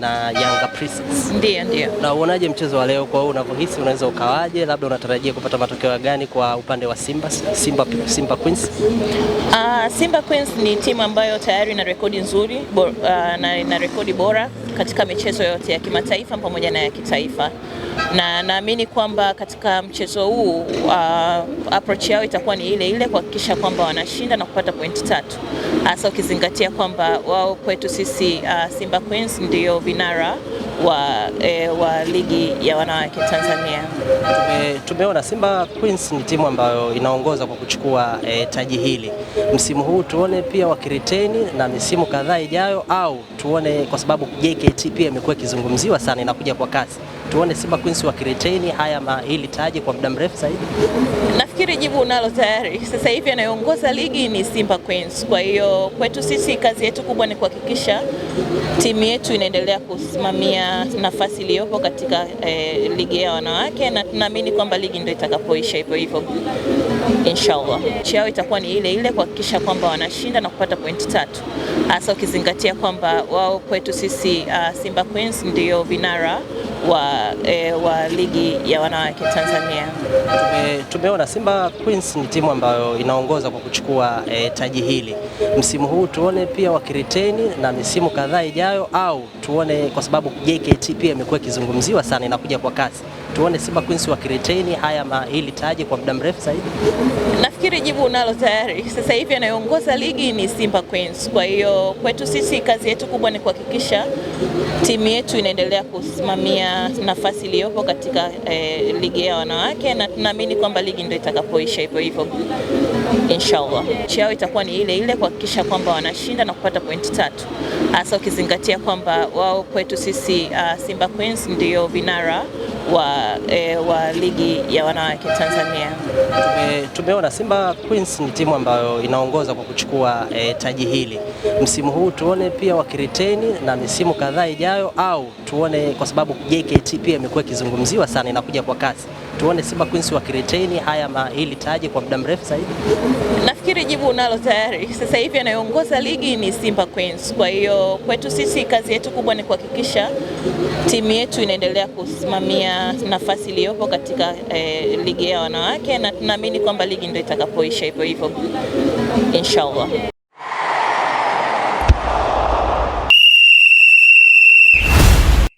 na Yanga Princess. Ndiyo, ndiyo. Na uonaje mchezo wa leo kwa unavyohisi, unaweza ukawaje? Labda unatarajia kupata matokeo gani kwa upande wa Simba, Simba, Simba Queens? Uh, Simba Queens ni timu ambayo tayari ina rekodi nzuri bo, uh, na ina rekodi bora katika michezo yote ya kimataifa pamoja na ya kitaifa, na naamini kwamba katika mchezo huu uh, approach yao itakuwa ni ile ile kuhakikisha kwamba wanashinda na kupata pointi tatu, hasa ukizingatia kwamba wao kwetu sisi uh, Simba Queens ndio vinara wa, eh, wa ligi ya wanawake Tanzania. Tumeona Simba Queens ni timu ambayo inaongoza kwa kuchukua eh, taji hili msimu huu, tuone pia wakiriteni na misimu kadhaa ijayo, au tuone, kwa sababu JKT pia imekuwa ikizungumziwa sana, inakuja kwa kasi tuone Simba Queens wakiretain haya hili taji kwa muda mrefu zaidi? Nafikiri jibu unalo tayari. Sasa hivi anayeongoza ligi ni Simba Queens. Kwa hiyo kwetu sisi kazi yetu kubwa ni kuhakikisha timu yetu inaendelea kusimamia nafasi iliyopo katika eh, ligi ya wanawake na tunaamini kwamba ligi ndio itakapoisha hivyo hivyo. Inshallah. Nchi yao itakuwa ni ile ile kuhakikisha kwamba wanashinda na kupata pointi tatu. Hasa ukizingatia kwamba wao kwetu sisi uh, Simba Queens ndio vinara wa e, wa ligi ya wanawake Tanzania. Tume, tumeona Simba Queens ni timu ambayo inaongoza kwa kuchukua e, taji hili msimu huu, tuone pia wakiriteni na misimu kadhaa ijayo, au tuone kwa sababu JKT pia imekuwa ikizungumziwa sana, inakuja kwa kasi, tuone Simba Queens wakiriteni haya ma hili taji kwa muda mrefu zaidi. Nafikiri jibu unalo tayari. Sasa hivi anayeongoza ligi ni Simba Queens, kwa hiyo kwetu sisi kazi yetu kubwa ni kuhakikisha timu yetu inaendelea kusimamia nafasi iliyopo katika eh, ligi ya wanawake na tunaamini kwamba ligi ndio itakapoisha hivyo hivyo, inshallah nchi yao itakuwa ni ile ile, kuhakikisha kwamba wanashinda na kupata pointi tatu, hasa ukizingatia kwamba wao kwetu sisi uh, Simba Queens ndio vinara wa, eh, wa ligi ya wanawake Tanzania. tumeona Simba Queens ni timu ambayo inaongoza kwa kuchukua eh, taji hili msimu huu, tuone pia wakiriteni na misimu kadhaa kadhaa ijayo, au tuone, kwa sababu JKT pia imekuwa ikizungumziwa sana, inakuja kwa kasi, tuone Simba Queens wakiretain haya mahili taji kwa muda mrefu zaidi. Nafikiri jibu unalo tayari. Sasa hivi anayoongoza ligi ni Simba Queens, kwa hiyo kwetu sisi kazi yetu kubwa ni kuhakikisha timu yetu inaendelea kusimamia nafasi iliyopo katika eh, ligi ya wanawake, na tunaamini kwamba ligi ndio itakapoisha hivyo hivyo, inshallah.